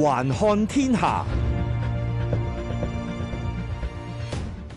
環看天下。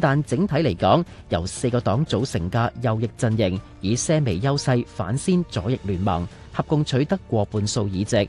但整體嚟講，由四個黨組成嘅右翼陣營，以些微優勢反先左翼聯盟，合共取得過半數議席。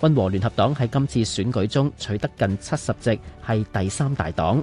溫和聯合黨喺今次選舉中取得近七十席，係第三大黨。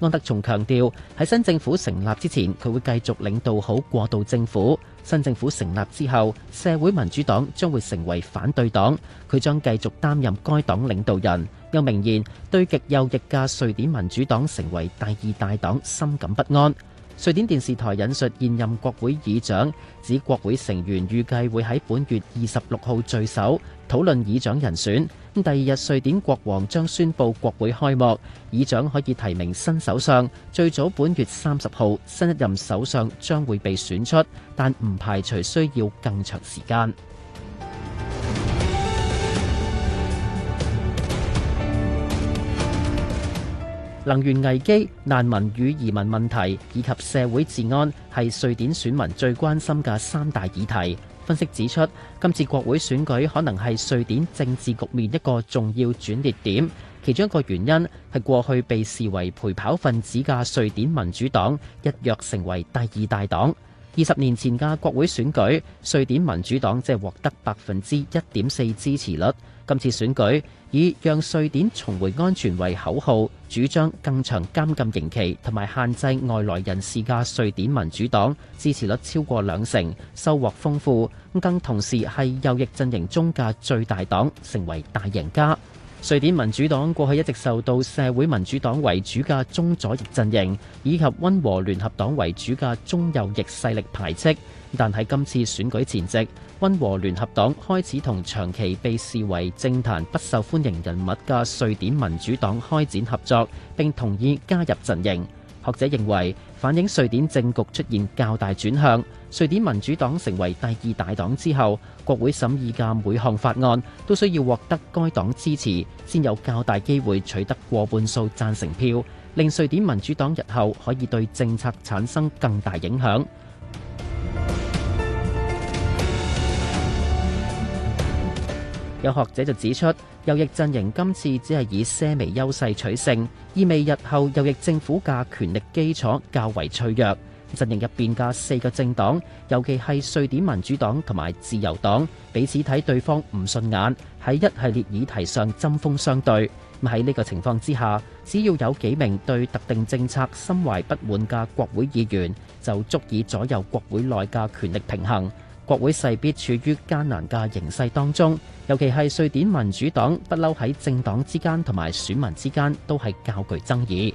安德松強調喺新政府成立之前，佢會繼續領導好過渡政府；新政府成立之後，社會民主黨將會成為反對黨，佢將繼續擔任該黨領導人。又明言對極右翼嘅瑞典民主黨成為第二大黨深感不安。瑞典電視台引述現任國會議長指，國會成員預計會喺本月二十六號聚首討論議長人選，第二日，瑞典國王將宣布國會開幕，議長可以提名新首相。最早本月三十號新一任首相將會被選出，但唔排除需要更長時間。能源危機、難民與移民問題以及社會治安係瑞典選民最關心嘅三大議題。分析指出，今次國會選舉可能係瑞典政治局面一個重要轉捩點。其中一個原因係過去被視為陪跑分子嘅瑞典民主黨一躍成為第二大黨。二十年前嘅國會選舉，瑞典民主黨只係獲得百分之一點四支持率。今次選舉以讓瑞典重回安全為口號，主張更長監禁刑期同埋限制外來人士嘅瑞典民主黨支持率超過兩成，收穫豐富，咁更同時係右翼陣營中嘅最大黨，成為大贏家。瑞典民主黨過去一直受到社會民主黨為主嘅中左翼陣營以及温和聯合黨為主嘅中右翼勢力排斥，但喺今次選舉前夕，温和聯合黨開始同長期被視為政壇不受歡迎人物嘅瑞典民主黨開展合作，並同意加入陣營。學者認為，反映瑞典政局出現較大轉向。瑞典民主黨成為第二大黨之後，國會審議嘅每項法案都需要獲得該黨支持，先有較大機會取得過半數贊成票，令瑞典民主黨日後可以對政策產生更大影響。 有學者就指出，右翼陣營今次只係以些微優勢取勝，意味日後右翼政府嘅權力基礎較為脆弱。陣營入邊嘅四個政黨，尤其係瑞典民主黨同埋自由黨，彼此睇對方唔順眼，喺一系列議題上針鋒相對。咁喺呢個情況之下，只要有幾名對特定政策心懷不滿嘅國會議員，就足以左右國會內嘅權力平衡。國會勢必處於艱難嘅形勢當中，尤其係瑞典民主黨，不嬲喺政黨之間同埋選民之間，都係較具爭議。